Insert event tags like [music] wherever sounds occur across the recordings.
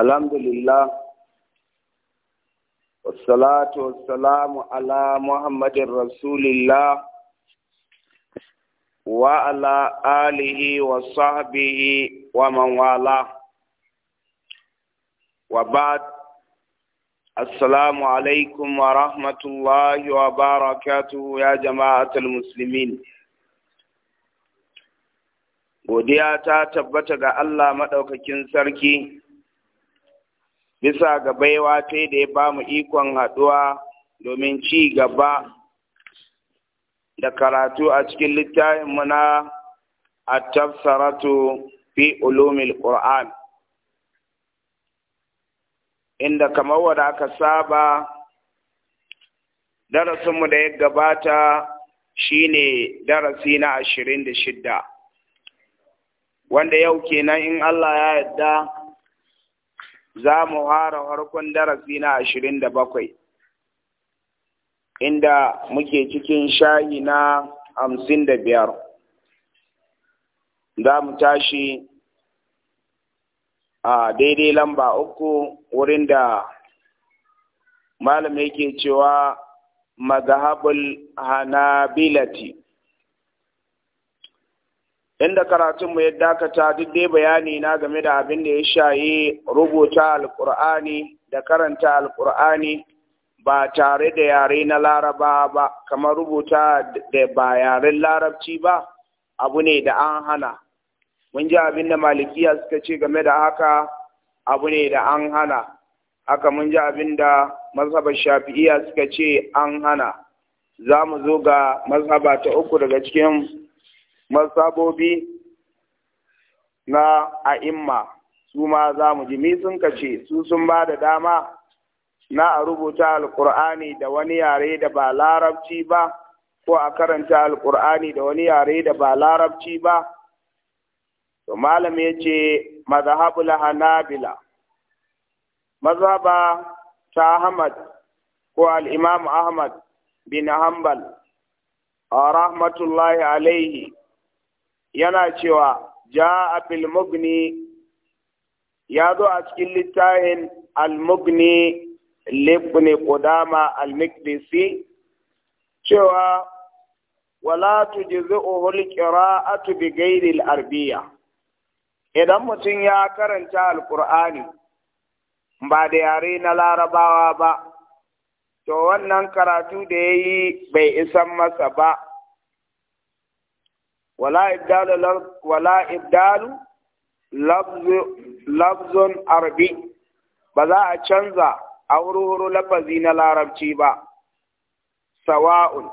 الحمد لله والصلاة والسلام على محمد wa الله وعلى آله وصحبه ومن والاه وبعد السلام عليكم ورحمة الله وبركاته يا جماعة المسلمين godiya ta tabbata ga Allah maɗaukakin sarki bisa ga baiwa ta da ya ba mu ikon haɗuwa domin ci gaba da karatu a cikin littafinmu na at-tafsiratu fi ulumil qur'an inda kamar wadda aka saba darasinmu da ya gabata shine darasi na ashirin da shidda wanda yau kenan in Allah ya yarda za mu fara farkon darasi na ashirin da bakwai inda muke cikin shayi na hamsin da biyar za mu tashi a daidai lamba uku wurin da malam yake cewa mazhabul hanabilati inda karatunmu ya dakata duk dai bayani na game da abin da ya shaye rubuta alkur'ani da karanta alkur'ani ba tare da yare na laraba ba kamar rubuta da ba yaren larabci ba abu ne da an hana mun ji abin da malikiya suka ce game da haka abu ne da an hana haka mun ji abin da mazhabar shafi'iya suka ce an hana za mu zo ga mazhaba ta uku daga cikin mazhabobi na a'imma su ma za mu ji sun kace su sun ba da dama na a rubuta alkur'ani da wani yare da ba larabci ba ko a karanta alkur'ani da wani yare da ba larabci ba to malam ya ce mazhabul hanabila mazhaba ta ahmad ko al-imam ahmad bin hanbal rahmatullahi alaihi yana cewa ja fil mugni ya zo a cikin littafin al-mugni libni kudama al-mikdisi cewa wala tujzi'uhu al-qira'atu bi ghairi al-arbiya idan mutum ya karanta al ba da yare na larabawa ba to wannan karatu da yayi bai isan masa ba wala ibdalu لفظ ولا لفظ ba za a canza a huru lafazi na larabci ba sawa'un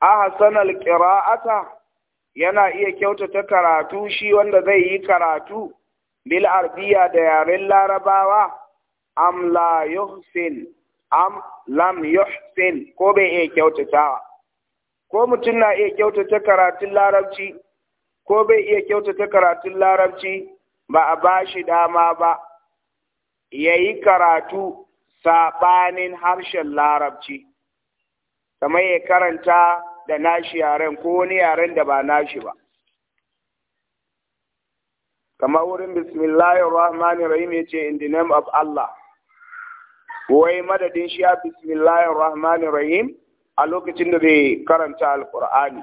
ahsan yana iya kyautata karatu shi wanda zai yi karatu bil arbiya da yaren larabawa am la yuhsin am lam yuhsin ko bai iya kyautatawa ko mutum na iya kyautata karatun larabci ko bai iya kyautata karatun larabci ba a ba shi dama ba ya yi karatu saɓanin harshen larabci kamar ya karanta da nashi yaren ko wani yaren da ba nashi ba kamar wurin bismillahir rahmanir rahim ya ce in the name of Allah wai madadin shi a bismillahir rahmanir rahim a lokacin da zai karanta alkur'ani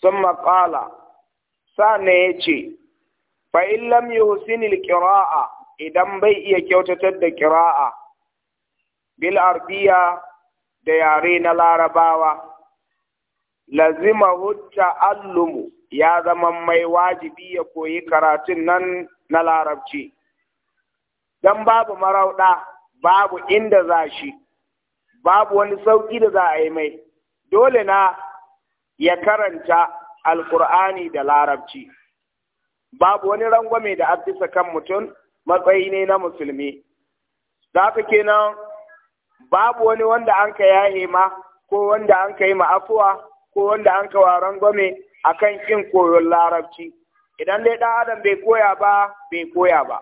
sun maƙala sa'ana ya ce fa'in lam yuhsinil ƙira'a idan bai iya kyautatar da ƙira'a bil arbiya da yare na larabawa Lazima lazimahu ta'allumu ya zama mai wajibi ya koyi karatun nan na larabci don babu marauɗa babu inda za shi babu wani sauƙi da za a yi mai dole na ya karanta alkur'ani da larabci babu wani rangwame da abdisa kan mutum matsayi ne na musulmi za ka kenan babu wani wanda an ka yahe ma ko wanda an ka yi ma'afuwa ko wanda an ka wa rangwame a kan ƙin koyon larabci idan dai ɗan adam bai koya ba bai koya ba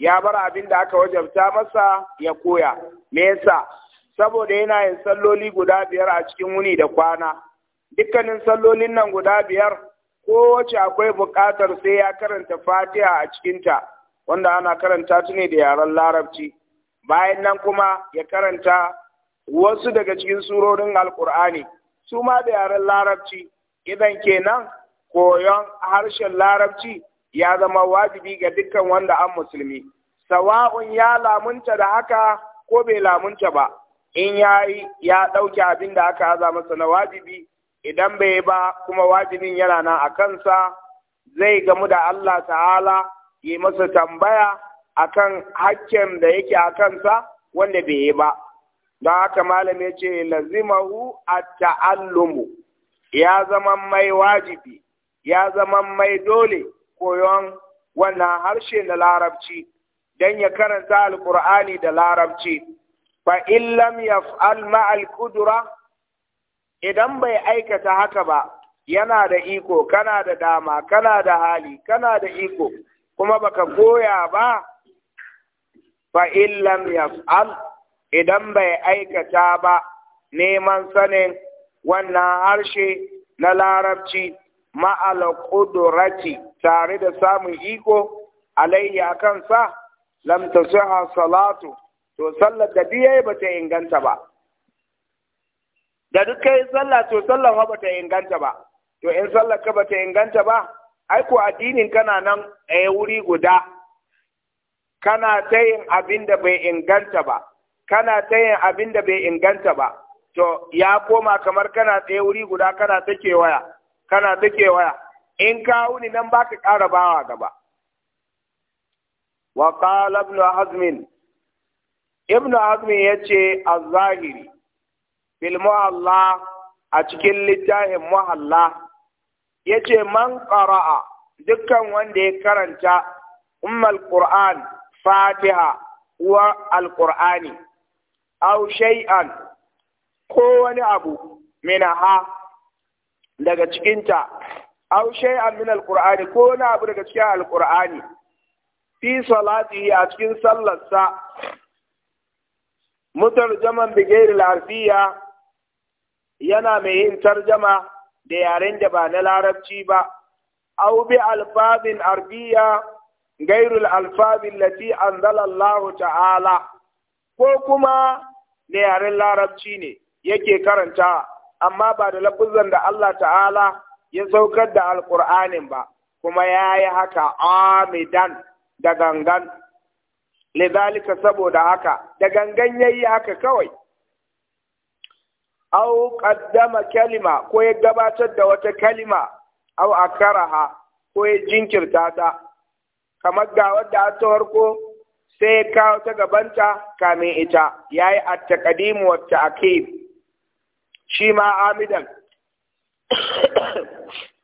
ya bar abin da aka wajabta masa ya koya me yasa saboda yana yin salloli guda biyar a cikin wuni da kwana dukkanin sallolin nan guda biyar Ko wace akwai buƙatar sai ya karanta fatiha a cikinta wanda ana karanta ta ne da yaren larabci bayan nan kuma ya karanta wasu daga cikin surorin alkur'ani su ma da yaren larabci idan kenan koyon harshen larabci ya zama wajibi ga dukkan wanda an musulmi sawa'un ya lamunta da haka ko bai lamunta ba in ya yi ya ɗauki abin da aka haza masa na wajibi idan bai ba kuma wajibin yana nan a kansa zai gamu da Allah ta'ala yi masa tambaya akan hakken da yake a kansa wanda bai yi ba don haka malam ya ce lazimahu a ta'allumu ya zama mai wajibi ya zama mai dole koyon wannan harshe na larabci don ya karanta alkur'ani da larabci fa illam lam yaf'al ma'al kudura idan bai aikata haka ba yana da iko kana da dama kana da hali kana da iko kuma baka goya ba fa illam yaf'al idan bai aikata ba neman sanin wannan harshe na larabci ma'ala ƙudurati tare da samun iko alayya kansa lam tasiha salatu to sallar da biye ba ta inganta ba da duk kai sallah to sallar ba ta inganta ba to in sallar ka ba ta inganta ba ai ko addinin kana nan a wuri guda kana ta yin abin da bai inganta ba kana ta yin abin da bai inganta ba to ya koma kamar kana tsaye wuri guda kana ta kewaya kana dake waya in ka wuni nan baka ƙara bawa gaba wa qala ibn hazm ibn hazm yace az-zahiri fil mu'alla a cikin littafin muhalla yace man qara'a dukkan wanda ya karanta ummal qur'an fatiha wa al-qur'ani aw shay'an ko wani abu Ha? daga cikinta aw shay'an min alqur'ani ko na abu daga cikin alqur'ani fi salatihi a cikin sallarsa mutarjaman bi ghairi al yana mai yin tarjama da yaren da ba na larabci ba aw bi alfazin arabiyya gairul al lati anzala Allah ta'ala ko kuma da yaren larabci ne yake karanta amma ba da lafuzan da Allah ta'ala ya saukar da alƙur'anin ba kuma ya yi haka amidan da gangan lidhalika saboda haka da gangan ya yi haka kawai au qaddama kalima ko ya gabatar da wata kalima aw akaraha ko ya jinkirta ta kamar ga wadda ta farko sai ya kawo ta gabanta kamin ita yayi at-taqdim wa at-ta'khir shi ma amidan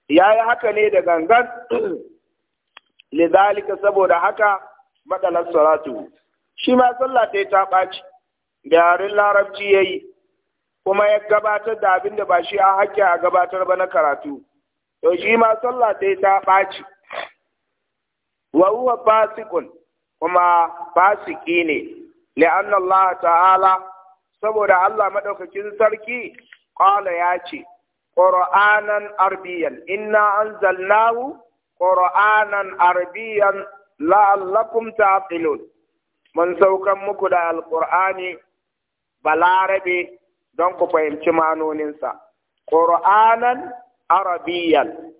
ya yi haka ne da gangan lidhalika saboda haka matsalar salatu shi ma sallah ta ta ɓaci da yarin larabci ya yi kuma ya gabatar da abin da ba shi a haƙƙi a gabatar ba na karatu to shi ma sallah ta ta ɓaci wa huwa fasikun kuma fasiki ne li'anna Allah ta'ala saboda Allah maɗaukakin sarki ƙwala ya ce qur'anan arbiyan inna anzalnahu qur'anan arbiyan la'allakum ta'qilun mun saukan muku da Alƙur'ani balarabe don ku fahimci manoninsa qur'anan arbiyan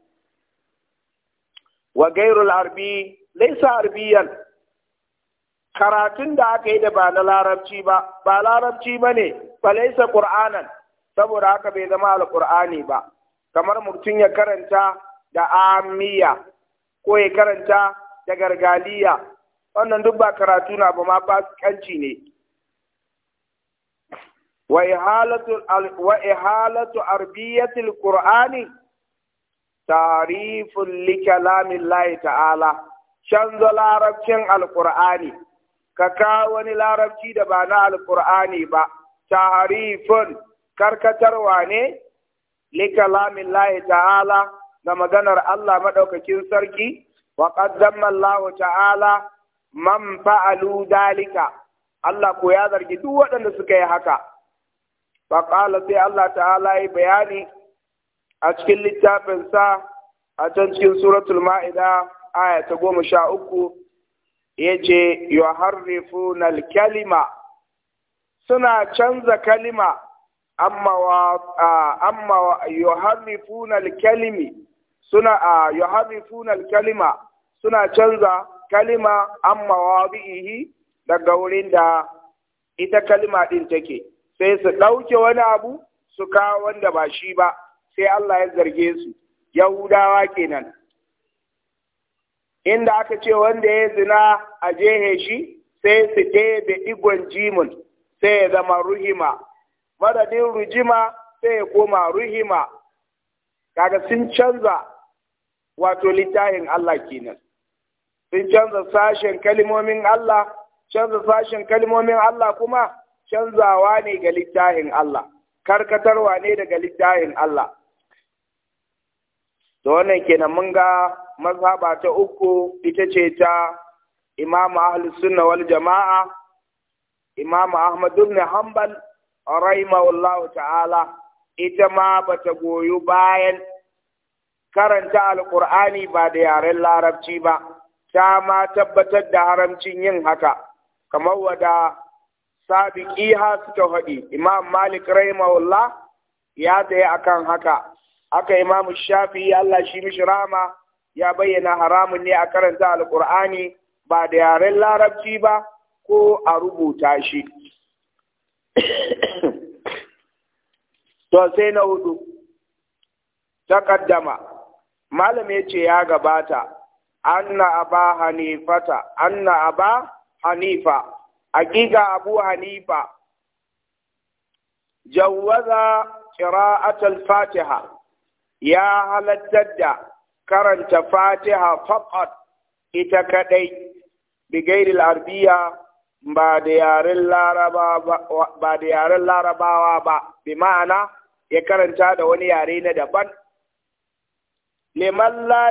wa gairul arbi laysa arbiyan karatun da aka yi da ba na larabci ba ba larabci ba ne falaisa qur'anan saboda haka bai zama alqur'ani ba kamar mutum ya karanta da amiya ko ya karanta da gargaliya wannan duk ba karatu na ba ma fasikanci ne wa ihalatu wa qur'ani tarifun li kalamillahi ta'ala canza larabcin alqur'ani ka kawo wani larabci da ba na alkur'ani ba harifin karkatarwa ne likalamin lahi ta'ala ga maganar Allah maɗaukakin sarki wa qaddama lahu ta'ala man fa'alu dalika Allah ko ya zargi duk waɗanda suka yi haka fa ƙala sai Allah ta'ala yi bayani a cikin littafinsa a can cikin suratul ma'ida aya goma sha uku ya ce funal kalima suna canza kalima amma wa amma kalimi suna kalima suna canza kalima amma bihi daga wurin da ita kalima din take sai su ɗauke wani abu su kawo wanda ba shi ba sai Allah ya zarge su Yahudawa kenan inda aka ce wanda ya zina a jehe shi sai su ɗebe igon jimin sai ya zama ruhima madadin rujima sai ya koma ruhima kaga sun canza wato littafin Allah kenan sun canza sashen kalimomin Allah canza sashen kalimomin Allah kuma canzawa ne ga littafin Allah karkatarwa ne daga littafin Allah to wannan kenan mun ga mazhaba ta uku ita ce ta imam ahlus sunna wal jama'a imam ahmad ibn hanbal rahimahullah ta'ala ita ma bata goyu bayan karanta alqur'ani ba da yaren larabci ba ta ma tabbatar da haramcin yin haka kamar wada sabiki ha suka haɗi imam malik rahimahullah ya tsaye akan haka haka imam shafi Allah shi mishi rama ya bayyana haramun ne a karanta alkur'ani ba da yaren larabci ba ko a rubuta shi [coughs] to sai na hudu takaddama malam ya ce ya gabata anna aba hanifata anna aba hanifa hakika abu hanifa jawaza qira'atul fatiha ya halatta da karanta fatiha faqat ita kadai bigairi arabiya ba da yaren larabawa ba bi ma'ana ya karanta da wani yare na daban liman la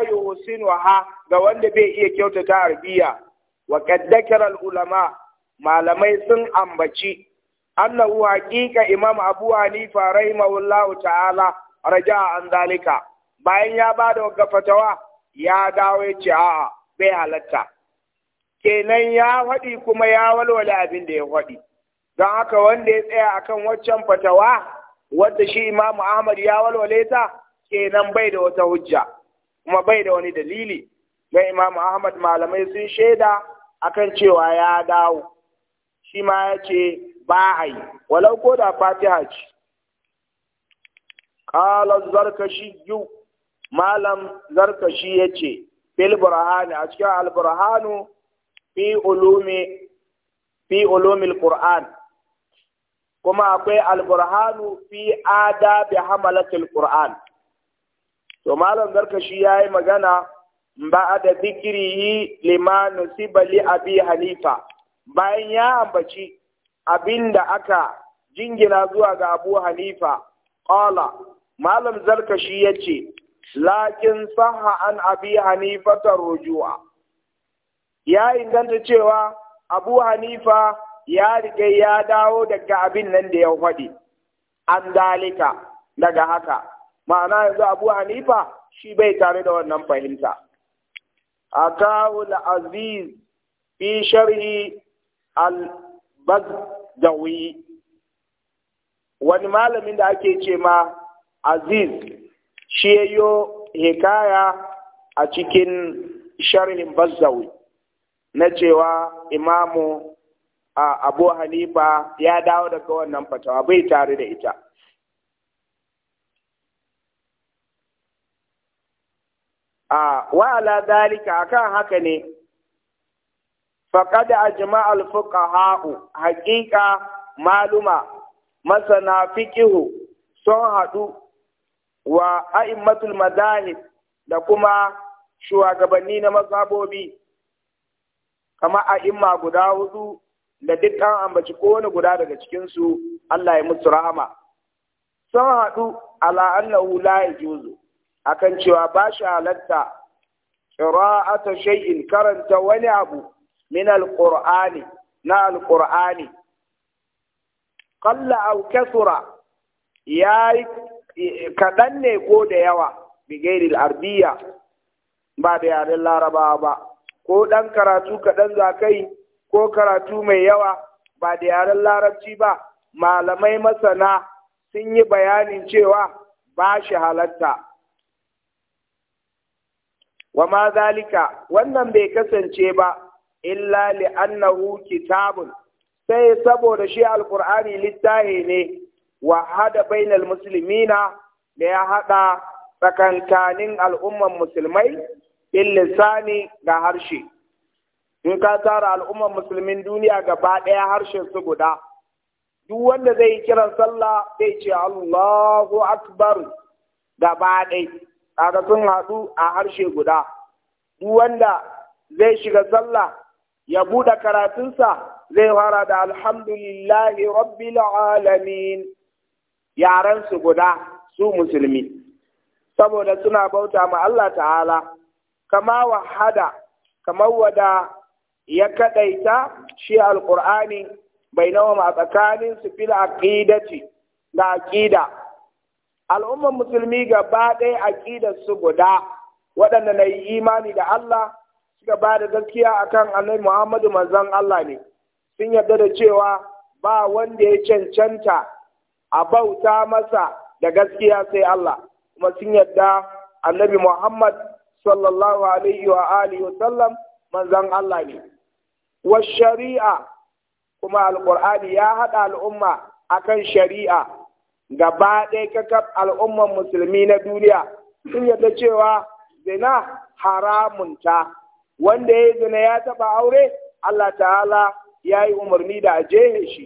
ha, ga wanda bai iya kyautata arbiya. wa qad ulama malamai sun ambaci annahu haƙiƙa imam abu hanifa rahimahullahu ta'ala raja an zalika bayan ya ba da wagga fatawa ya dawo ya ce a'a bai halatta kenan ya haɗi kuma ya walwale abin da ya faɗi don haka wanda ya tsaya akan waccan fatawa wadda shi imamu ahmad ya walwale ta kenan bai da wata hujja kuma bai da wani dalili na imamu ahmad malamai sun shaida akan cewa ya dawo shi ma ya ce ba a yi walau ko da fatiha ce قال الزركشي malam zarkashi ya ce fil burhani a cikin al-burhanu fi ulumi fi ulumil qur'an kuma akwai al-burhanu fi adabi hamalatil qur'an to malam zarkashi yayi magana zikiri zikrihi liman nusiba li abi hanifa bayan ya ambaci abinda aka jingina zuwa ga abu hanifa qala malam zarkashi yace lakin saha an abi Hanifa ta rujuwa ya inganta cewa abu hanifa ya riga ya dawo daga abin nan da ya faɗi an dalika daga haka ma'ana yanzu abu hanifa shi bai tare da wannan fahimta A akawul aziz fi sharhi al-bagdawi wani malamin da ake ce ma aziz shi yayyo hikaya a cikin sharhin bazzawi na cewa imamu abu hanifa ya dawo daga wannan fatawa bai tare da ita a ala dalika akan haka ne a ajma al ha'u, haƙiƙa maluma masana fiƙihu sun haɗu wa a'immatul madahib da kuma shugabanni na mazhabobi kama a'imma guda hudu da duk an ambaci kowane guda daga cikinsu Allah ya musu rahama sun haɗu ala annahu la yajuzu akan cewa ba shi halatta qira'ata shay'in karanta wani abu min alqur'ani na alqur'ani qalla aw kathura yayi kaɗan ne ko da yawa bigairil al'arbiya ba da yaren larabawa ba ko ɗan karatu kaɗan za kai ko karatu mai yawa ba da yaren larabci ba malamai masana sun yi bayanin cewa ba shi halatta wa ma zalika wannan bai kasance ba illa li annahu kitabun sai saboda shi alkur'ani littahi ne wa hada bainal muslimina da ya hada tsakankanin al'umman musulmai bil lisani ga harshe in ka tara al'umman musulmin duniya gaba ɗaya harshen su guda duk wanda zai yi kiran sallah zai ce Allahu akbar gaba ɗai kaga sun haɗu a harshe guda duk wanda zai shiga sallah ya buɗe karatunsa zai fara da alhamdulillahi rabbil alamin yaran su guda su musulmi saboda suna bauta ma Allah ta'ala kama wahada kamar wada ya kadaita shi alqur'ani bainahum a tsakanin su fil aqidati da aqida al'ummar musulmi gaba ɗaya aqidar su guda waɗanda na yi imani da Allah suka ba da gaskiya akan annabi Muhammadu manzon Allah ne sun yarda da cewa ba wanda ya cancanta a bauta masa da gaskiya sai Allah kuma sun yadda annabi Muhammad sallallahu alaihi wa alihi wa sallam manzan Allah ne wa shari'a kuma alqur'ani ya haɗa al'umma akan shari'a gaba ɗaya kakab al'umman musulmi na duniya sun yadda cewa zina haramun ta wanda ya zina ya taba aure Allah ta'ala ya yi umarni da a jehe shi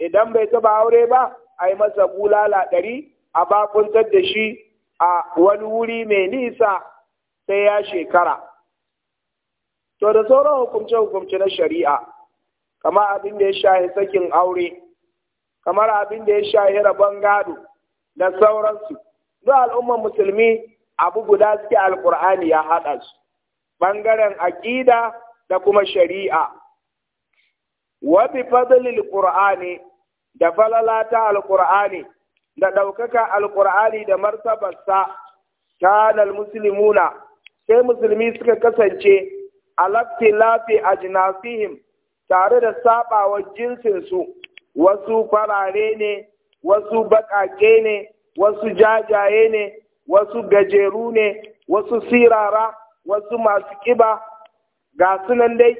idan bai taba aure ba a yi masa bulala ɗari a bakuntar da shi a wani wuri mai nisa sai ya shekara. To da sauran hukumce-hukumce na shari'a, kamar abin da ya shahi sakin aure, kamar abin da ya shahi rabon gado da sauransu, duk al'ummar musulmi abu guda suke alkur'ani ya haɗa su, ɓangaren aƙida da kuma shari'a. Wafi fadlil Qur'ani da falala ta alƙur'ani da ɗaukaka alƙur'ani da martabarsa ta musulmuna sai musulmi suka kasance a lafi a jinafihim tare da jinsin jinsinsu wasu farare ne wasu baƙaƙe ne wasu jajaye ne wasu gajeru ne wasu sirara wasu masu ƙiba ga sunan dai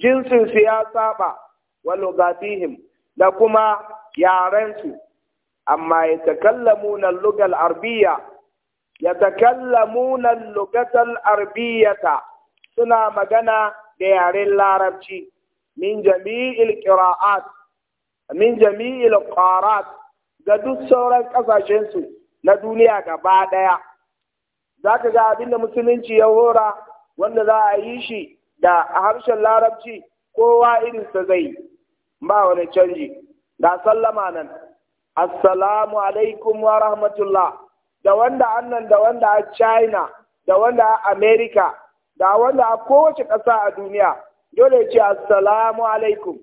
jinsinsu ya saba wa lugatihim da kuma yarensu amma ya takallamuna lugal arbiya ya takallamuna lugatal arbiyata suna magana da yaren larabci min jami'il qira'at min jami'il qarat ga duk sauran kasashensu na duniya gaba daya za ka ga abin da musulunci ya hora wanda za a yi shi da harshen larabci kowa irinsa zai yi ba wani canji da sallama nan assalamu alaikum wa rahmatullah da wanda annan da wanda a china da wanda a america da wanda a kowace ƙasa a duniya dole ce assalamu alaikum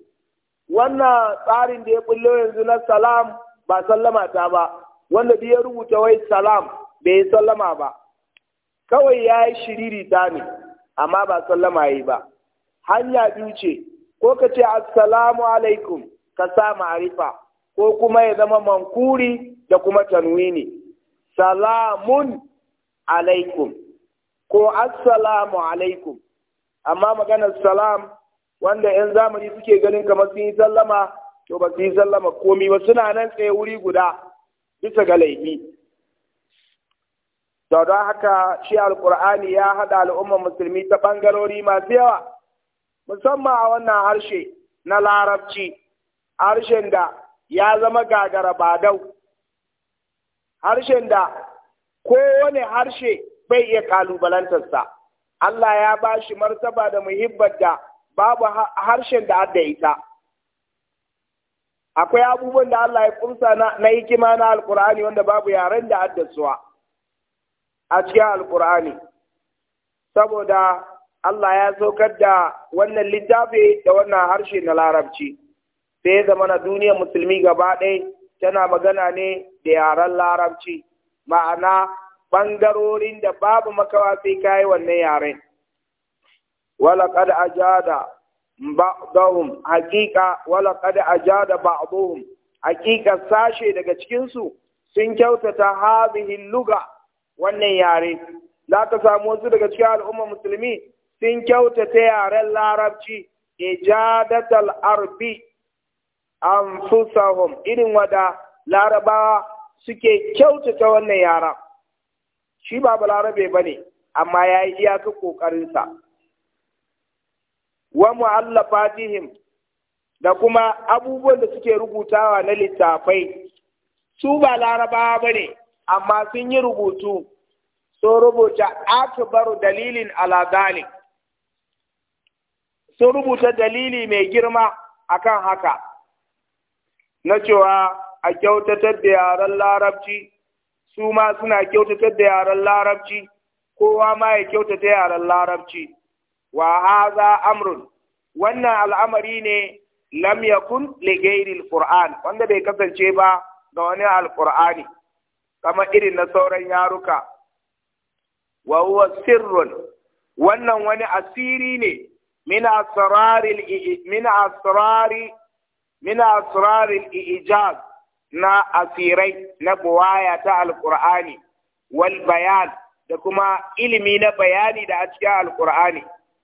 wannan tsarin da ya bullo yanzu na salam ba sallama ta ba wanda ya rubuta wai salam bai yi sallama ba kawai ya yi shiriri ta ne amma ba sallama yi ba hanya biyu ce ko ka ce assalamu alaikum ka sa ma'arifa ko kuma ya zama mankuri da kuma tanwini salamun alaikum ko assalamu alaikum amma maganar salam wanda 'yan zamani suke ganin kamar sun yi sallama to ba su yi sallama komi ba suna nan tsaye wuri guda bisa ga laifi don haka shi alkur'ani ya haɗa al'ummar musulmi ta ɓangarori masu yawa musamman a wannan harshe na larabci harshen da ya zama gagara badau harshen da kowane harshe bai iya kalubalantarsa Allah ya ba shi martaba da muhibbar da babu harshen da adda ita akwai abubuwan da Allah ya kursa na hikima na alkur'ani wanda babu yaren da suwa a cikin alkur'ani saboda Allah ya saukar da wannan littafi da wannan harshe na larabci sai da zama na duniyar musulmi gaba ɗaya tana magana ne da yaren larabci ma'ana ɓangarorin da babu makawa sai kayi wannan yaren walaƙad ajada ba'dahum haƙiƙa walaƙad ajada ba'dahum haƙiƙa sashe daga cikinsu sun kyautata hazihin luga wannan yare za ka samu wasu daga cikin al'ummar musulmi sun kyautata yaren larabci ijadatal arbi anfusahum irin wada larabawa suke kyautata wannan yara shi ba balarabe ba ne amma ya yi iyaka ƙoƙarinsa wa mu'allafatihim da kuma abubuwan da suke rubutawa na littafai su ba larabawa ba ne amma sun yi rubutu sun rubuta akbar dalilin ala zalik sun rubuta dalili mai girma akan haka na cewa a kyautatar da yaren larabci su ma suna kyautatar da yaren larabci kowa ma ya kyautata yaren larabci wa haza amrun wannan al'amari ne lam yakun kun qur'an wanda bai kasance ba ga wani alqur'ani kamar irin na sauran yaruka wa huwa sirrun wannan wani asiri ne min asrari min na asirai na buwaya ta Alƙur'ani, wal da kuma ilimi na bayani da a cikin alqur'ani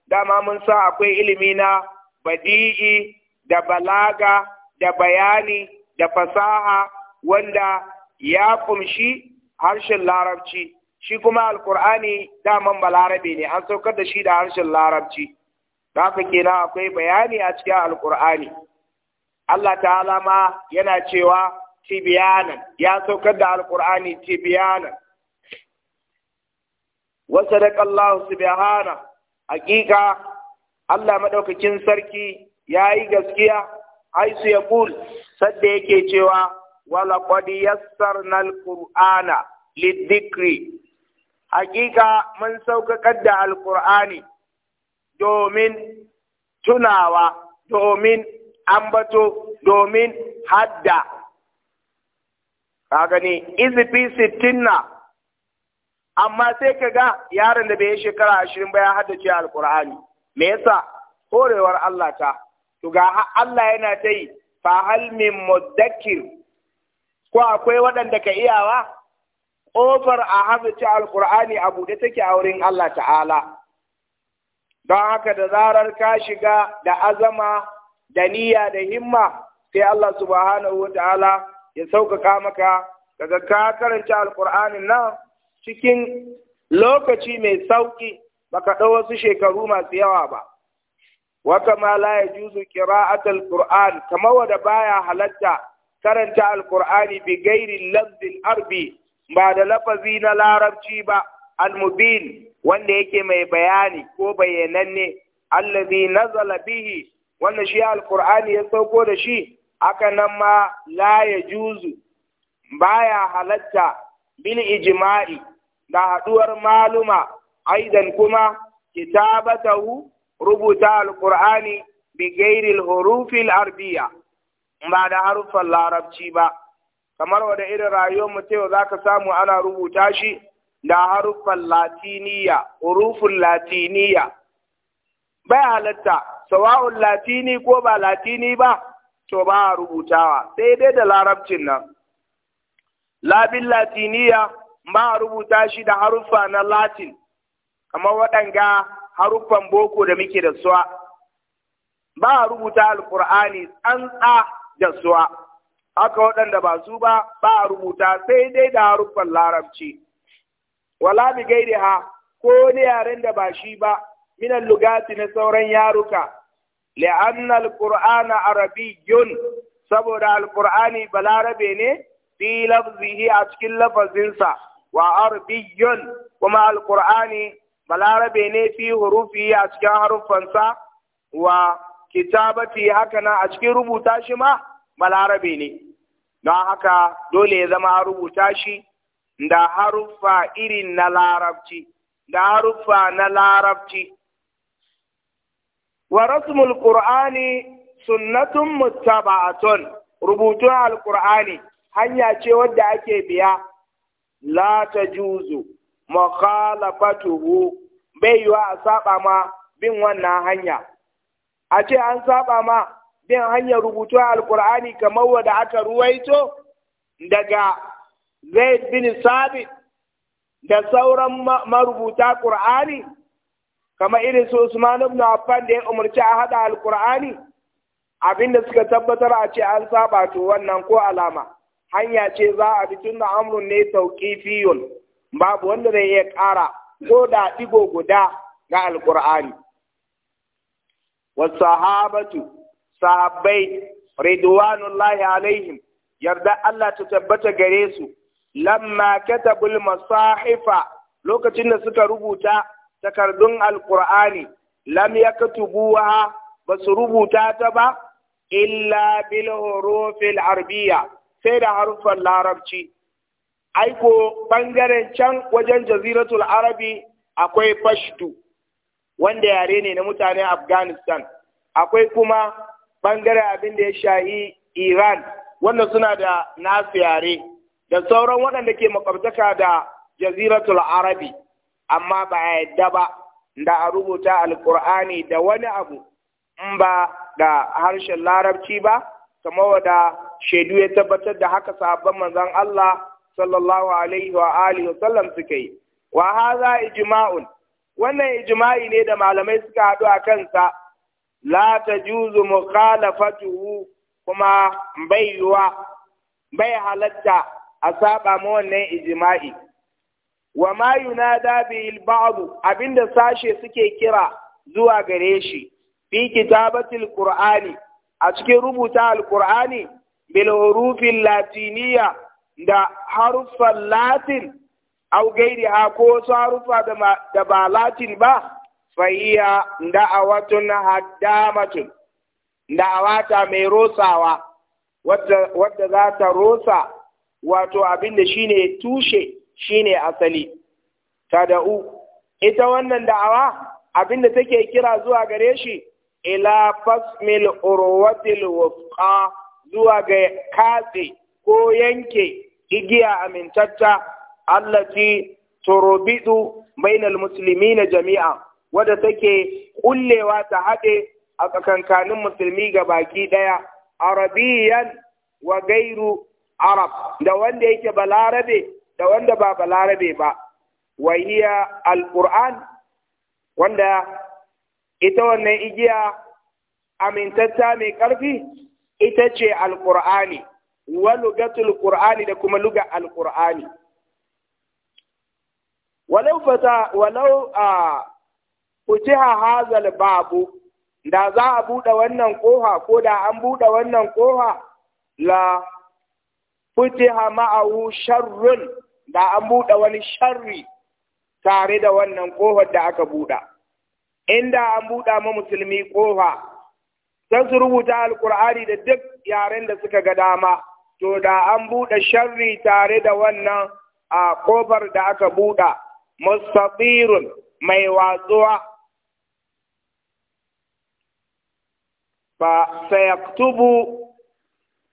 dama mun sa akwai ilimi na badi'i da balaga da bayani da fasaha wanda ya kumshi harshen larabci shi kuma alkur'ani daman balarabe ne an saukar da shi da harshen larabci haka kenan akwai bayani a cikin alkur'ani Allah ta'ala ma yana cewa tibiyanan ya saukar da alkur'ani tibiyanan wa sadaqallahu subhana hakika Allah madaukakin sarki yayi gaskiya haisu ya kul sadda yake cewa wala qad yassarna alqur'ana lidhikri hakika mun saukar da alkur'ani domin tunawa domin ambato domin hadda ka gani izifi sittin na amma sai ka ga yaron da bai yi shekara ashirin ba ya haddace alkur'ani me yasa horewar Allah ta to ga Allah yana ta yi fa halmin muddakir, ko akwai waɗanda ka iyawa ƙofar a haddace alkur'ani a buɗe take a wurin Allah ta'ala don haka da zarar ka shiga da azama da niyya da himma sai Allah subhanahu ta'ala ya sauƙaƙa maka daga ka karanta alƙur'anin nan cikin lokaci mai sauƙi baka ɗau wasu shekaru masu yawa ba Waka ma la juzu qira'atul qur'an kama wada baya halatta karanta Alƙur'ani bi gairin lafzin arbi ba da lafazi na larabci ba al mubin wanda yake mai bayani ko ne allazi nazala bihi wanda shi alqur'ani ya sauko da shi aka nan ma la yajuzu baya halatta bil ijma'i da haduwar maluma aidan kuma kitabatahu rubuta alqur'ani bi ghairi al-huruf ba da haruffan larabci ba kamar wanda irin rayuwar mu yau ka samu ana rubuta shi da haruffan latiniya hurufun latiniya bai halatta sawa'un latini ko ba latini ba to ba a rubutawa sai dai da larabcin nan labin latiniya ba a rubuta shi da haruffa na latin kamar waɗanga haruffan boko da muke da suwa ba a rubuta Alƙur'ani tsantsa da suwa haka waɗanda ba su ba ba a rubuta sai dai da haruffan larabci wala bi ha, ko ne yaren da ba shi ba min lugati na sauran yaruka li'anna al-qur'ana arabiyyun saboda al-qur'ani balarabe ne fi lafzihi a cikin lafazinsa wa arabiyyun kuma al-qur'ani balarabe ne fi hurufi a cikin sa wa kitabati haka na a cikin rubuta shi ma balarabe ne don haka dole ya zama rubuta shi da haruffa irin na larabci da haruffa na larabci wa rasmul qur'ani sunnatun muttaba'atun rubutun alqur'ani hanya ce wadda ake biya la tajuzu mukhalafatuhu bai yiwa a saba ma bin wannan hanya a ce an saba ma bin hanyar rubutun alqur'ani kamar wadda aka ruwaito daga zaid bin sabit da sauran marubuta qur'ani Kama irin su usman ibn affan da ya umarci a hada Abin abinda suka tabbatar a ce an saba to wannan ko alama hanya ce za a bi tunna amrun ne tauqifiyun babu wanda zai ya ƙara ko da digo guda ga Wa sahabatu sahabbai ridwanullahi alaihim yarda Allah ta tabbata gare su lamma katabul masahifa lokacin da suka rubuta takardun alqur'ani lam yaktubuha basu rubuta ta ba illa bil hurufil arabiyya sai da harufan larabci aiko bangaren can wajen jaziratul arabi akwai pashtu wanda yare ne na mutane afghanistan akwai kuma bangaren abin da ya shahi iran wanda suna da nasu yare da sauran waɗanda ke makwabtaka da jaziratul arabi amma ba a yadda ba da a rubuta alkur'ani da wani abu in ba da harshen larabci ba kamar wada shaidu ya tabbatar da haka sabon manzon Allah sallallahu alaihi wa alihi wa sallam suka yi wa haza ijma'un wannan ijma'i ne da malamai suka haɗu a kansa la tajuzu mukhalafatuhu kuma bai yiwa bai halatta a saba ma wannan ijma'i wa ma yunada bihi al abinda sashe suke kira zuwa gare shi fi kitabatil qur'ani a cikin rubuta al-qur'ani bil hurufil latiniya da haruffan latin au ha ko wasu haruffa da ba latin ba fahiya da'awatun haddamatun da'awata mai rosawa wadda za ta rosa wato abin da shine tushe shine asali tada'u ita wannan da'awa abin da take kira zuwa gare shi ila fasmil urwatil wufqa zuwa ga katse ko yanke igiya amintatta allati turubidu bainal na jami'a wadda take kullewa ta haɗe a tsakankanin musulmi ga baki ɗaya arabiyan wa gairu arab da wanda yake balarabe da wanda ba balarabe ba wahiya hiya alquran wanda ita wannan igiya amintatta mai ƙarfi ita ce alqur'ani wa lugatul qur'ani da kuma luga alqur'ani walau fata walau a futiha hazal babu da za a buɗe wannan ƙoha ko da an buɗe wannan ƙoha la futiha ma'ahu sharrun da an buɗe wani sharri tare da wannan ƙofar da aka buɗa inda an buɗa ma musulmi ƙofa sai su rubuta alkur'ani da duk yaren da suka ga dama to da an buɗe sharri tare da wannan a ƙofar da aka buɗa mustafirun mai watsuwa fa sayaktubu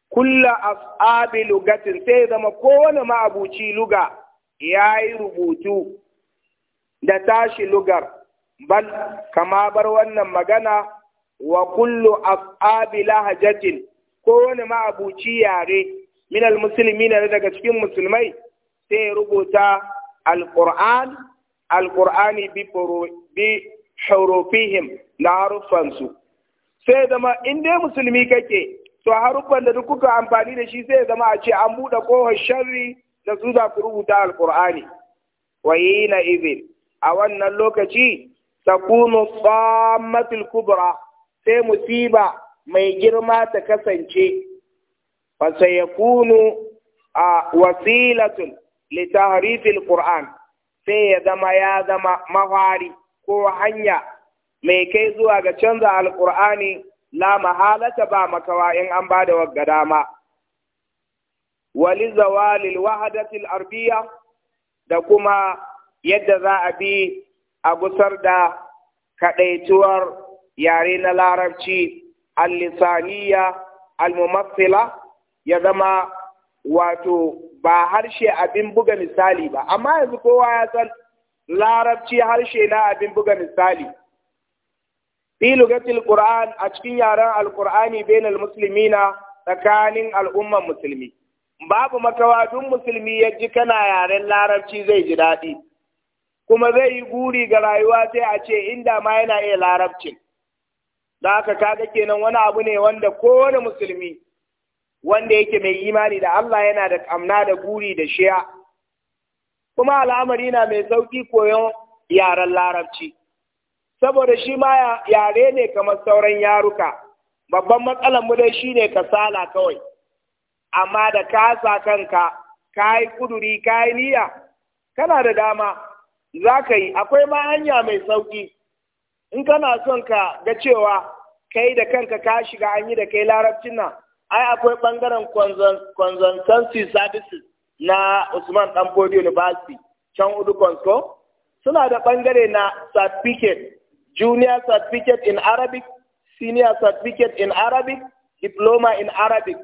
kulla ashabi lugatin sai zama kowane ma'abuci luga ya yi rubutu da tashi lugar bal kama bar wannan magana wa kullu ashabi lahajatin kowane ma'abuci yare minal musulmi na daga cikin musulmai sai ya rubuta alƙur'an alƙur'ani bi hurufihim na harufansu sai zama in dai musulmi kake to haruffan da duk kuka amfani da shi sai zama a ce an buɗe kohon sharri da su za ku rubuta Alƙur'ani. wa na izin a wannan lokaci takunu tsammatul kubra sai musiba mai girma ta kasance fa a wasilatun litaharifil tahrifil qur'an sai ya zama ya zama mahari ko hanya mai kai zuwa ga canza Alƙur'ani. la mahalata ba makawa in an ba da wagga dama wali zawalil wahadatil arbiya da kuma yadda za a bi a gusar da kaɗaituwar yare na larabci al-lisaniya al-mumassila ya zama wato ba harshe abin buga misali ba amma yanzu kowa ya san larabci harshe na abin buga misali fi lugatil qur'an a cikin yaren alqur'ani Musulmi na tsakanin al'umman musulmi babu makawa tun musulmi ya kana yaren larabci zai ji daɗi kuma zai yi guri ga rayuwa sai a ce inda ma yana iya larabcin da haka kaga kenan wani abu ne wanda kowane musulmi wanda yake mai imani da Allah yana da kamna da guri da shiya kuma al'amari na mai sauki koyon yaren larabci saboda shi ma yare ne kamar sauran yaruka babban matsalar mu dai shine kasala kawai amma da ka sa kanka ka yi kuduri ka yi niyya kana da dama za ka yi akwai ma hanya mai sauki in kana son ka ga cewa kai da kanka ka shiga an yi da kai larabcin nan ai akwai bangaren consultancy services na Usman Danfodi University can Udu Konsko suna da bangare na certificate junior certificate in Arabic, senior certificate in Arabic, diploma in Arabic,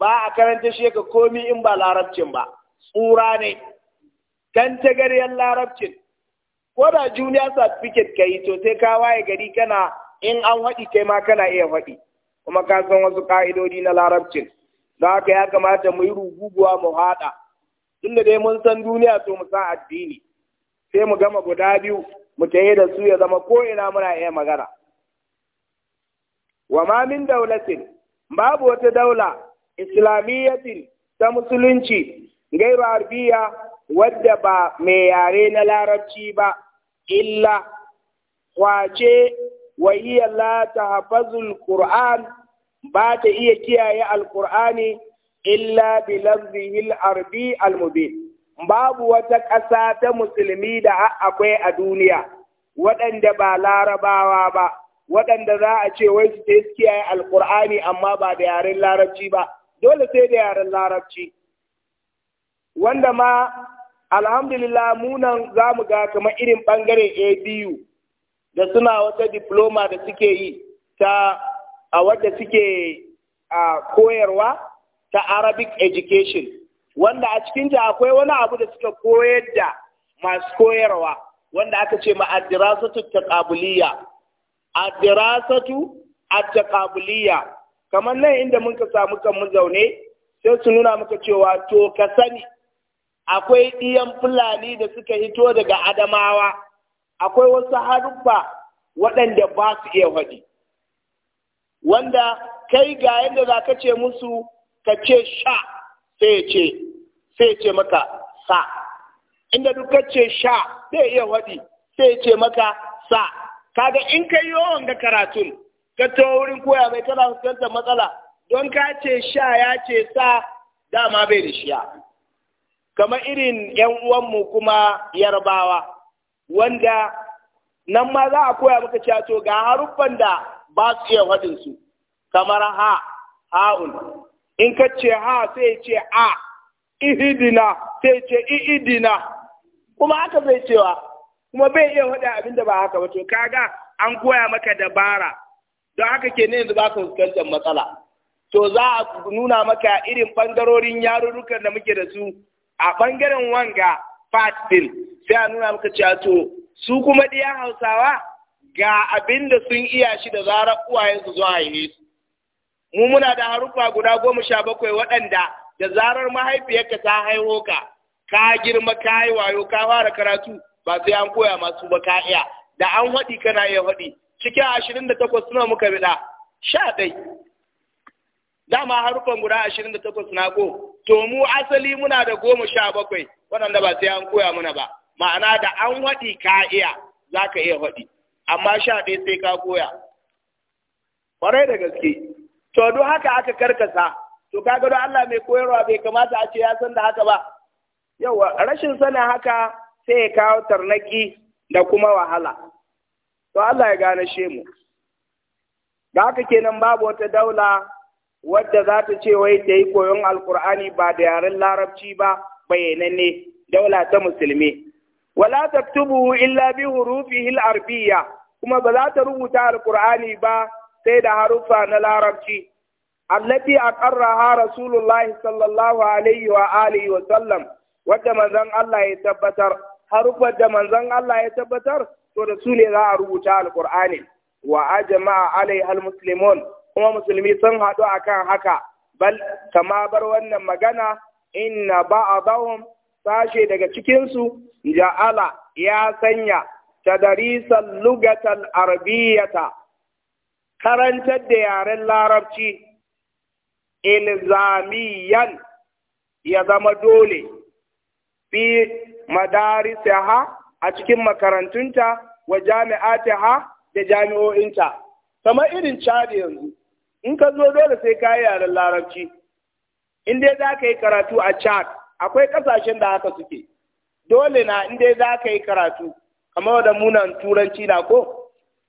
ba a karanta shi ka komi in ba larabcin ba, tsura ne, kan gariyar larabcin. Ko da junior certificate ka yi to sai ka waye gari kana in an haɗi kai ma kana iya haɗi, kuma ka san wasu ƙa'idodi na larabcin. Don haka ya kamata mu yi ruguguwa mu haɗa, tunda dai mun san duniya to mu san addini, sai mu gama guda biyu mu tayi da su ya zama ko ina muna iya magana wa ma min daulatin babu wata daula islamiyyatin ta musulunci ba arbiya wadda ba mai yare na larabci ba illa kwace wa iya la hafazul qur'an ba ta iya kiyaye alqur'ani illa bi lafzihi arbi al babu wata ƙasa ta musulmi da akwai a duniya waɗanda ba larabawa ba waɗanda za a ce wai su su yi alkur'ani amma ba da yaren larabci ba dole sai da yaren larabci wanda ma alhamdulillah munan za mu ga kamar irin ɓangaren abu da suna wata diploma da suke yi ta a wadda suke koyarwa ta arabic education wanda a cikin ta akwai wani abu da suka koyar da masu koyarwa wanda aka ce ma addirasatu taqabuliyya addirasatu at-taqabuliyya kamar nan inda muka samu kan mu zaune sai su nuna maka cewa to ka sani akwai ɗiyan fulani da suka hito daga adamawa akwai wasu haruffa waɗanda ba su iya faɗi wanda kai ga yadda za ka ce musu ka ce sha sai ya ce ce maka sa inda duka ce sha zai iya waɗi sai ce maka sa kaga in ka yi yawan ga karatun ka to wurin koya bai kana fuskantar matsala don ka ce sha ya ce sa dama bai da shiya kamar irin yan uwanmu kuma yarbawa wanda nan ma za a koya maka cewa to ga haruffan da ba su iya waɗinsu kamar ha ha'un in ka ce ha sai ce a ihidina sai ce ihidina kuma haka zai cewa kuma bai iya faɗa abin da ba haka ba to kaga an koya maka dabara don haka ke ne yanzu ba ka fuskantar matsala to za a nuna maka irin bangarorin yarurrukan da muke da su a bangaren wanga fatin sai a nuna maka cewa to su kuma ɗiyan hausawa ga abin da sun iya shi da zarar uwayensu zuwa haihe su mu muna da haruffa guda goma sha bakwai waɗanda da zarar mahaifiyarka ta haiho ka ka girma ka yi wayo ka fara karatu ba sai an koya masu ba ka iya da an haɗi kana iya haɗi cikin ashirin da takwas suna muka biɗa sha ɗai dama haruffan guda ashirin da takwas na ko to mu asali muna da goma sha bakwai waɗanda ba sai an koya mana ba ma'ana da an haɗi ka iya za ka iya haɗi amma sha ɗai sai ka koya ƙwarai da gaske to don haka aka karkasa to ka gado Allah mai koyarwa bai kamata a ce ya san da haka ba yawa rashin sanin haka sai ya kawo tarnaki da kuma wahala to Allah ya gane shi mu da haka kenan babu wata daula wadda za ta ce wai ta yi koyon alkur'ani ba da yaren larabci ba bayyananne daula ta musulmi wala taktubu illa bi hurufihi al-arabiyya kuma ba za ta rubuta alkur'ani ba sai da haruffa na larabci allati ha rasulullahi sallallahu alaihi wa alihi wa sallam wadda manzon Allah ya tabbatar haruffar da manzon Allah ya tabbatar to da su ne za a rubuta alqur'ani wa ajma'a alaiha almuslimun kuma musulmi sun haɗu akan haka bal kama bar wannan magana inna ba'dahum sashe daga cikinsu ja'ala ya sanya tadarisan lugatal arbiyata karantar da yaren larabci ilzamiyan ya zama dole fi ha a cikin makarantunta wa ha da jami'o'inta kamar irin cadi yanzu in ka zo dole sai ka yi yaren larabci in dai za ka yi karatu a chad akwai kasashen da haka suke dole na in dai za ka yi karatu kamar da munan turanci na ko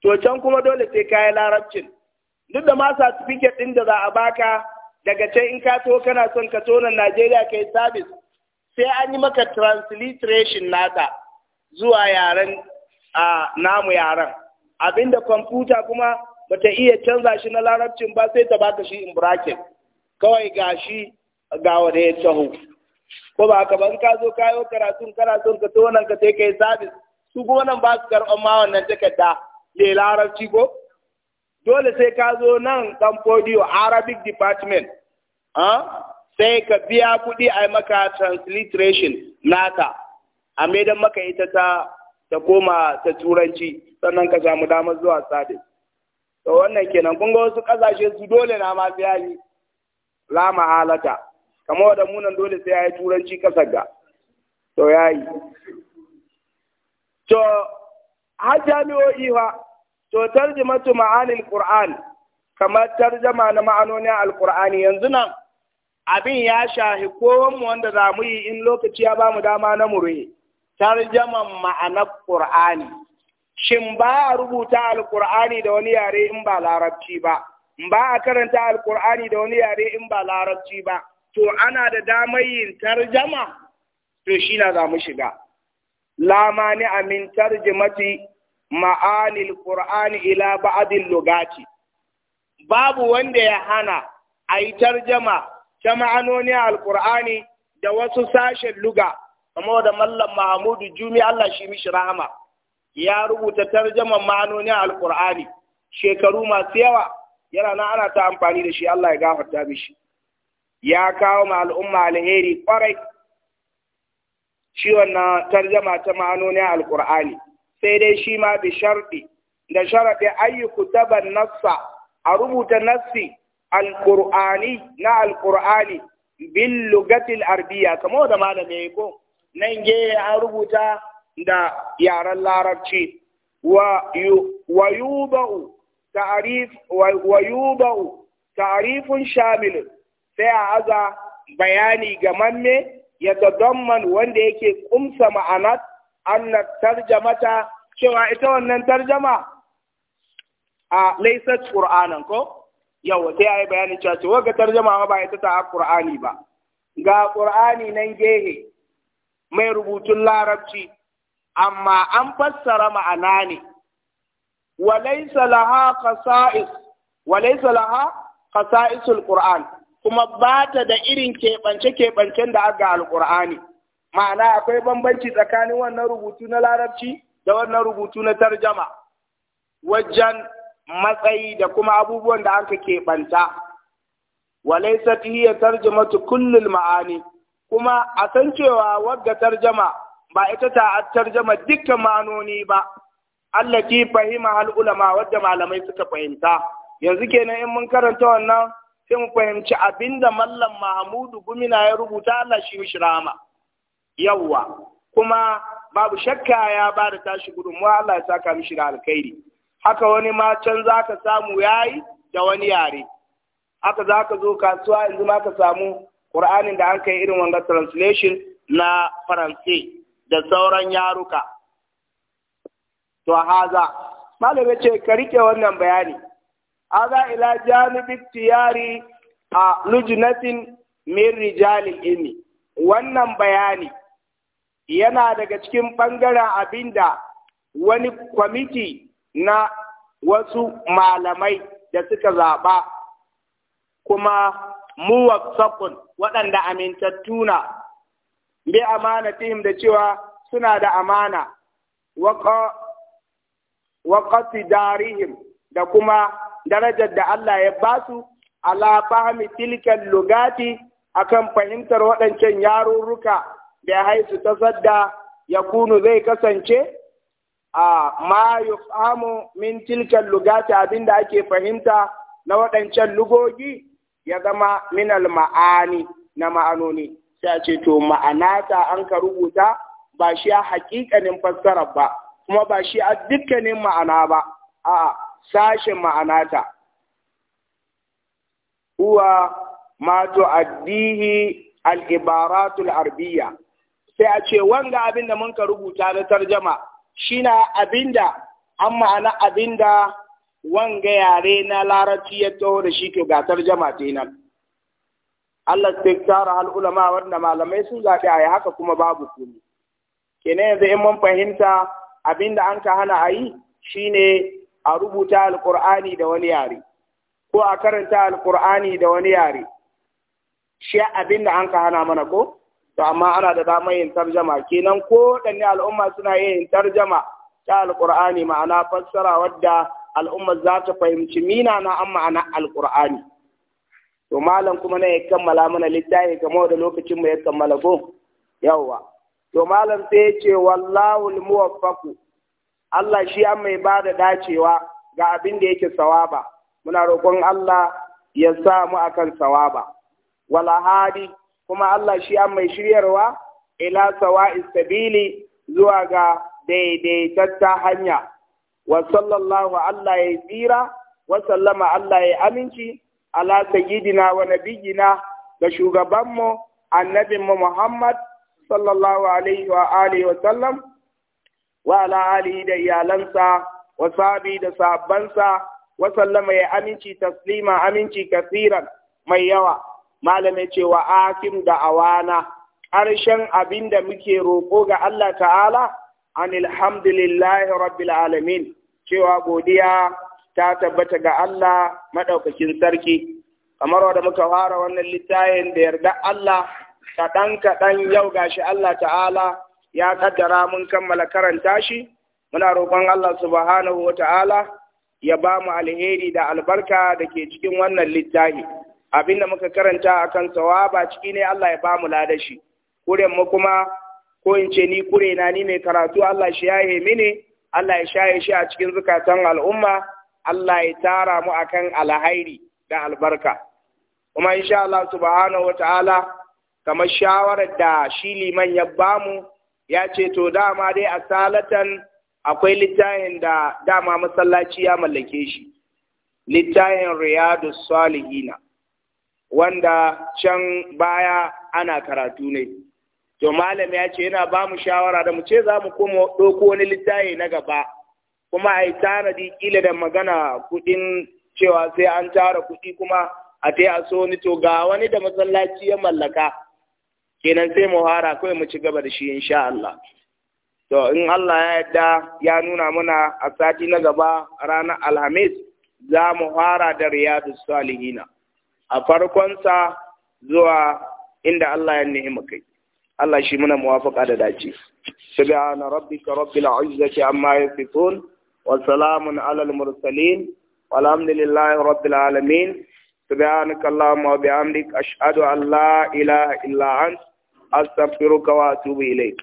to can kuma dole sai ka yi larabcin duk da ma certificate ɗin da za a baka daga can in ka to kana son ka tona Najeriya ka yi service sai an yi maka transliteration nata zuwa yaren a namu yaren abinda kwamfuta kuma bata iya canza shi na larabcin ba sai ta baka shi in bracket kawai ga shi ga wani ya taho ko ba ka ban ka zo kayo karatun ka to ka sai kai sabis su kuma nan ba su karɓan ma wannan takarda ke larabci ko dole sai ka zo nan dan podio arabic department sai ka biya kuɗi a maka transliteration nata a dan maka ita ta ta koma ta turanci sannan ka samu damar zuwa sadis to wannan kenan kun ga wasu ƙasashe su dole na ma biya ni la mahalata kamar da munan dole sai yi turanci kasar ga to yayi to har jami'o'i fa to tarjamatu ma'anin qur'an kamar tarjama na ma'anoni Al-Qur'ani, yanzu nan abin ya shahi mu wanda za mu yi in lokaci ya bamu dama na mure tarjaman ma'anar qur'ani shin ba a rubuta al al-Qur'ani da wani yare in ba larabci ba ba a karanta al al-Qur'ani da wani yare in ba larabci ba to ana da damar yin tarjama to shi na za mu shiga lamani amin tarjimati ma'anil Qur'ani ila ba'adin lugaci. babu wanda ya hana a yi tarjama ta ma'anoni al alqur'ani da wasu sashen luga kamar da mallam Mahmudu Jumi Allah shi mishi rahama ya rubuta tarjaman ma'anoni al alqur'ani shekaru masu yawa yana na ana ta amfani da shi Allah ya gafarta mishi ya kawo ma al'umma alheri kwarai shi wannan tarjama ta ma'anoni al alqur'ani sai dai shi ma bi sharɗi da sharaɗi ayyuku daban nasa. a rubuta nasi alƙur'ani na alƙur'ani bin lugatil arbiya kamar da malami ko nan ge a rubuta da yaren larabci wa yuba'u ta'arif wa yuba'u ta'arifun shamil sai a aza bayani ga mamme ya tadamman wanda yake kumsa ma'anar anna tarjamata cewa ita wannan tarjama a laysat qur'anan ko yawa sai ayi bayani cewa ga waga tarjama ba ita ta qur'ani ba ga qur'ani nan gehe mai rubutun larabci amma an fassara ma'ana ne laisa laha khasa'is walaysa laha qur'an kuma bata da irin keɓance-keɓancen da aga alƙur'ani ma'ana akwai bambanci tsakanin wannan rubutu na larabci da wannan rubutu na tarjama wajen matsayi da kuma abubuwan da aka keɓanta walaisat tarjama ta kullul ma'ani kuma a san cewa wadda tarjama ba ita ta a tarjama dukkan ma'anoni ba ki fahima hal ulama wadda malamai suka fahimta yanzu kenan in mun karanta wannan sai mu fahimci abinda mallam Mahmudu Gumina ya rubuta Allah shi mishi yawwa kuma babu shakka ya ba da tashi gudunmuwa Allah ya saka mishi da alkhairi haka wani ma can za ka samu yayi da wani yare haka za ka zo kasuwa yanzu ma ka samu ƙur'anin da an kai irin wanga translation na faranse da sauran yaruka to haza malamai ce ka rike wannan bayani haza ila janibi tiyari a lujnatin min rijalil wannan bayani yana daga cikin ɓangaren abinda wani kwamiti na wasu malamai da suka zaɓa kuma muwaffaqun waɗanda amintattu na bi amanatihim da cewa suna da amana wa darihim da kuma darajar da Allah ya basu ala fahimtar lugati akan fahimtar waɗancan yarurruka da haisu ta yakunu ya kunu zai kasance a ma yufhamu min tilkan lugati abinda ake fahimta na waɗancan lugogi ya zama minal ma'ani na ma'anoni sai ce to ma'anata an ka rubuta ba shi a haƙiƙanin fassarar ba kuma ba shi a dukkanin ma'ana ba a sashen ma'anata. Uwa huwa ma tu'addihi al-ibaratul arbiyya sai a ce wanga abin da mun ka rubuta na tarjama shi na abin da an ma'ana abin da wanga yare na larabci ya taho da shi ke ga tarjama ta nan Allah sai tara al’ulama ulama wanda malamai sun zaɓi a yi haka kuma babu kuni kenan yanzu in mun fahimta abin da an ka hana a yi shi ne a rubuta alƙur'ani da wani yare ko a karanta alƙur'ani da wani yare shi abin da an ka hana mana ko to amma ana da damar yin tarjama kenan ko danne al'umma suna yin tarjama ta Alƙur'ani. ma'ana fassara wadda al'umma za ta fahimci mina na an ma'ana alqur'ani to malam kuma ne ya kammala mana littafi kamar da lokacin mu ya kammala ko yawa to malam sai ya ce wallahu almuwaffaqu Allah shi an mai ba da dacewa ga abin da yake sawaba muna roƙon Allah ya sa mu akan sawaba wala hadi kuma Allah shi an mai shiryarwa ila sawa'is sabili zuwa ga daidaitatta hanya wa sallallahu Allah ya tsira wa sallama Allah ya aminci ala sayyidina wa nabiyina ga shugabanmu annabinmu Muhammad sallallahu alaihi wa alihi wa sallam wa ala alihi da iyalansa wa sabi da sabansa wa sallama ya aminci taslima aminci kasiran mai yawa malamai cewa akim da awana ƙarshen abin da muke roƙo ga Allah ta'ala an alhamdulillahi rabbil alamin cewa godiya ta tabbata ga Allah maɗaukakin sarki kamar wanda muka fara wannan littafin da yarda Allah kaɗan kaɗan yau gashi Allah ta'ala ya kaddara mun kammala karanta shi muna roƙon Allah subhanahu wa ta'ala ya ba mu alheri da albarka da ke cikin wannan littafi Abin da muka karanta a kan sawaba ciki ne Allah ya ba mu shi. kuren mu kuma ko in ce ni kure na ni mai karatu Allah shi yi mini Allah ya shaye shi a cikin zukatan al'umma Allah ya tara mu akan alhairi da albarka kuma insha Allah subhanahu wataala kamar shawarar da shi liman ya ba mu, ya ce to dama dai a salatan akwai littafin da dama masallaci ya mallake shi littafin riyadus salihina wanda can baya ana karatu ne to malam ya ce yana ba mu shawara da mu ce za mu koma ɗauko wani littafi na gaba kuma a yi tanadi kila da magana kuɗin cewa sai an tara kuɗi kuma a ta a so ni to ga wani da masallaci ya mallaka kenan sai mu hara kawai mu ci gaba da shi insha Allah to in Allah ya yadda ya nuna mana a sati na gaba ranar alhamis za mu hara da riyadu salihina a farkonsa zuwa inda Allah ya niima kai Allah shi muna muwafaqa da dace subhana rabbika rabbil izzati amma yasifun wa salamun alal mursalin walhamdulillahi rabbil alamin subhanaka allahumma wa bihamdik ashhadu an la ilaha illa anta astaghfiruka wa atubu ilayk